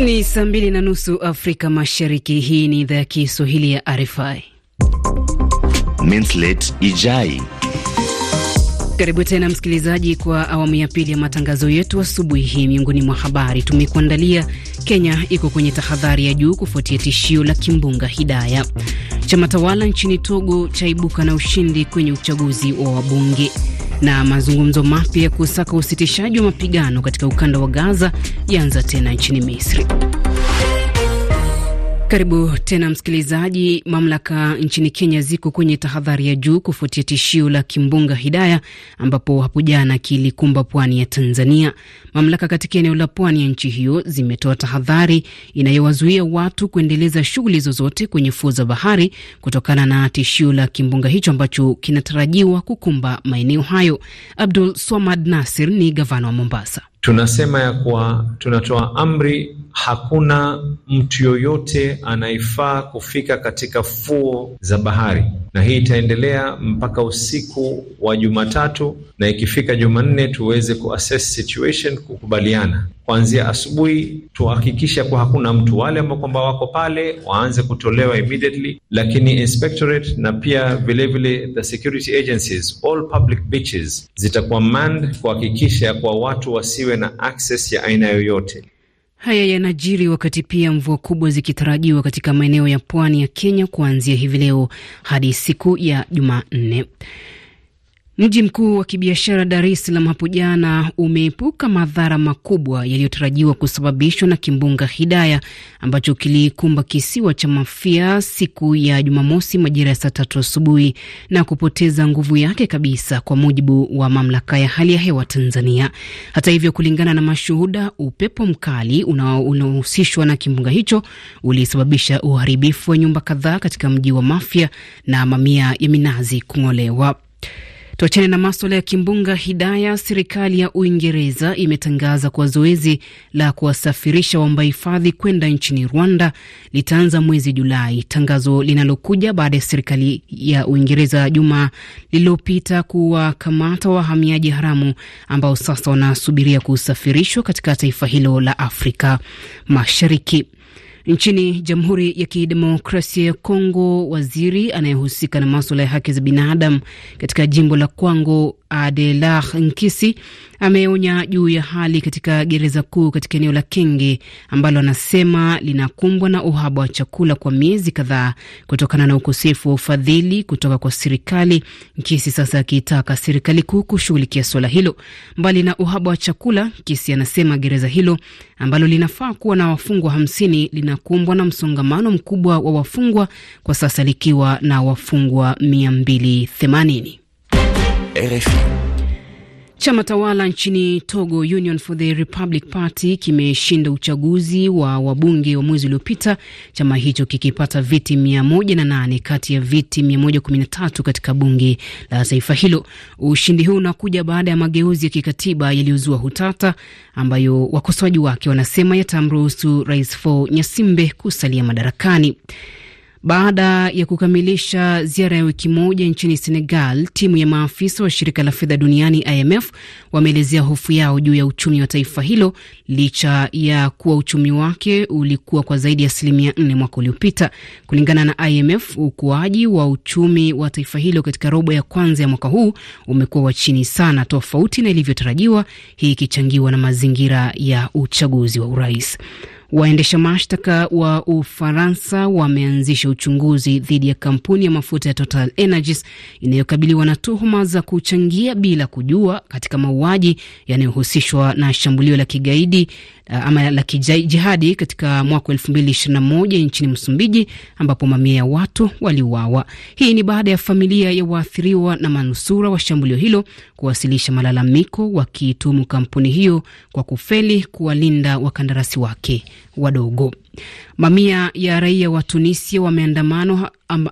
Ni saa mbili na nusu Afrika Mashariki. Hii ni idhaa ya Kiswahili ya RFI. Minslet Ijai, karibu tena msikilizaji kwa awamu ya pili ya matangazo yetu asubuhi hii. Miongoni mwa habari tumekuandalia: Kenya iko kwenye tahadhari ya juu kufuatia tishio la kimbunga Hidaya. Chama tawala nchini Togo chaibuka na ushindi kwenye uchaguzi wa wabunge na mazungumzo mapya ya kusaka usitishaji wa mapigano katika ukanda wa Gaza yaanza tena nchini Misri. Karibu tena msikilizaji. Mamlaka nchini Kenya ziko kwenye tahadhari ya juu kufuatia tishio la kimbunga Hidaya ambapo hapo jana kilikumba pwani ya Tanzania. Mamlaka katika eneo la pwani ya nchi hiyo zimetoa tahadhari inayowazuia watu kuendeleza shughuli zozote kwenye fuo za bahari kutokana na tishio la kimbunga hicho ambacho kinatarajiwa kukumba maeneo hayo. Abdul Swamad Nasir ni gavana wa Mombasa tunasema ya kuwa tunatoa amri, hakuna mtu yoyote anayefaa kufika katika fuo za bahari, na hii itaendelea mpaka usiku wa Jumatatu, na ikifika Jumanne tuweze kuassess situation, kukubaliana kuanzia asubuhi tuhakikisha kuwa hakuna mtu, wale ambao kwamba wako pale waanze kutolewa immediately, lakini inspectorate na pia vilevile the security agencies all public beaches zitakuwa manned kuhakikisha kwa watu wasiwe na access ya aina yoyote. Haya yanajiri wakati pia mvua kubwa zikitarajiwa katika maeneo ya pwani ya Kenya kuanzia hivi leo hadi siku ya Jumanne. Mji mkuu wa kibiashara Dar es Salaam hapo jana umeepuka madhara makubwa yaliyotarajiwa kusababishwa na kimbunga Hidaya ambacho kilikumba kisiwa cha Mafia siku ya Jumamosi majira ya saa tatu asubuhi na kupoteza nguvu yake kabisa, kwa mujibu wa mamlaka ya hali ya hewa Tanzania. Hata hivyo, kulingana na mashuhuda, upepo mkali unaohusishwa na kimbunga hicho ulisababisha uharibifu wa nyumba kadhaa katika mji wa Mafia na mamia ya minazi kung'olewa. Tuachane na maswala ya kimbunga Hidaya. Serikali ya Uingereza imetangaza kuwa zoezi la kuwasafirisha waomba hifadhi kwenda nchini Rwanda litaanza mwezi Julai, tangazo linalokuja baada ya serikali ya Uingereza juma lililopita kuwakamata wahamiaji haramu ambao sasa wanasubiria kusafirishwa katika taifa hilo la Afrika Mashariki. Nchini Jamhuri ya Kidemokrasia ya Kongo, waziri anayehusika na maswala ya haki za binadamu katika jimbo la Kwango, Adelar Nkisi, ameonya juu ya hali katika gereza kuu katika eneo la Kenge ambalo anasema linakumbwa na uhaba wa chakula kwa miezi kadhaa kutokana na ukosefu wa ufadhili kutoka kwa serikali. Nkisi sasa akiitaka serikali kuu kushughulikia suala hilo. Mbali na uhaba wa chakula, Nkisi anasema gereza hilo ambalo linafaa kuwa na wafungwa hamsini lina linakumbwa na msongamano mkubwa wa wafungwa kwa sasa likiwa na wafungwa 280. RFI Chama tawala nchini Togo, Union for the Republic Party, kimeshinda uchaguzi wa wabunge wa mwezi uliopita, chama hicho kikipata viti 108 kati ya viti 113 katika bunge la taifa hilo. Ushindi huu unakuja baada ya mageuzi ya kikatiba yaliyozua hutata, ambayo wakosoaji wake wanasema yatamruhusu Rais Faure Nyasimbe kusalia madarakani. Baada ya kukamilisha ziara ya wiki moja nchini Senegal, timu ya maafisa wa shirika la fedha duniani IMF wameelezea hofu yao juu ya uchumi wa taifa hilo licha ya kuwa uchumi wake ulikuwa kwa zaidi ya asilimia nne mwaka uliopita. Kulingana na IMF, ukuaji wa uchumi wa taifa hilo katika robo ya kwanza ya mwaka huu umekuwa wa chini sana, tofauti na ilivyotarajiwa, hii ikichangiwa na mazingira ya uchaguzi wa urais. Waendesha mashtaka wa Ufaransa wameanzisha uchunguzi dhidi ya kampuni ya mafuta ya Total Energies inayokabiliwa na tuhuma za kuchangia bila kujua katika mauaji yanayohusishwa na shambulio la kigaidi eh, ama la kijihadi katika mwaka moja nchini Msumbiji, ambapo mamia ya watu waliuawa. Hii ni baada ya familia ya waathiriwa na manusura wa shambulio hilo kuwasilisha malalamiko wakitumu kampuni hiyo kwa kufeli kuwalinda wakandarasi wake wadogo. Mamia ya raia wa Tunisia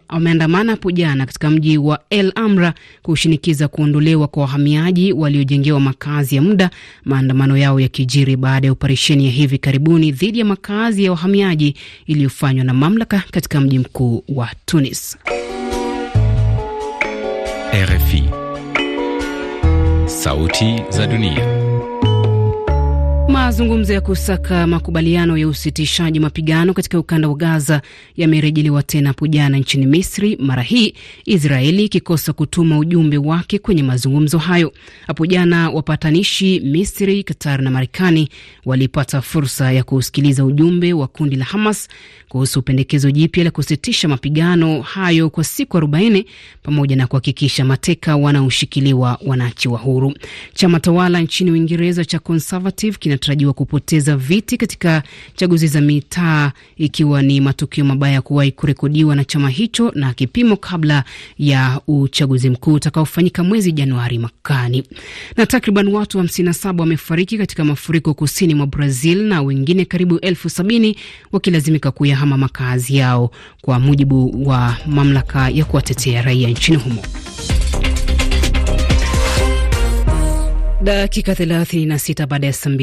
wameandamana hapo jana katika mji wa El Amra kushinikiza kuondolewa kwa wahamiaji waliojengewa makazi ya muda, maandamano yao yakijiri baada ya operesheni ya hivi karibuni dhidi ya makazi ya wahamiaji iliyofanywa na mamlaka katika mji mkuu wa Tunis. RFI. Sauti za Dunia. Mazungumzo ya kusaka makubaliano ya usitishaji mapigano katika ukanda wa Gaza yamerejelewa tena hapo jana nchini Misri, mara hii Israeli ikikosa kutuma ujumbe wake kwenye mazungumzo hayo. Hapo jana wapatanishi Misri, Qatar na Marekani walipata fursa ya kusikiliza ujumbe wa kundi la Hamas kuhusu pendekezo jipya la kusitisha mapigano hayo kwa siku 40 pamoja na kuhakikisha mateka wanaoshikiliwa wanaachiwa huru. Chama tawala nchini Uingereza cha Conservative wanatarajiwa kupoteza viti katika chaguzi za mitaa, ikiwa ni matukio mabaya kuwahi kurekodiwa na chama hicho na kipimo kabla ya uchaguzi mkuu utakaofanyika mwezi Januari makani. Na takriban watu 57 wamefariki katika mafuriko kusini mwa Brazil na wengine karibu elfu sabini wakilazimika kuyahama makazi yao kwa mujibu wa mamlaka ya kuwatetea raia nchini humo. Dakika 36 baada ya saa mbili.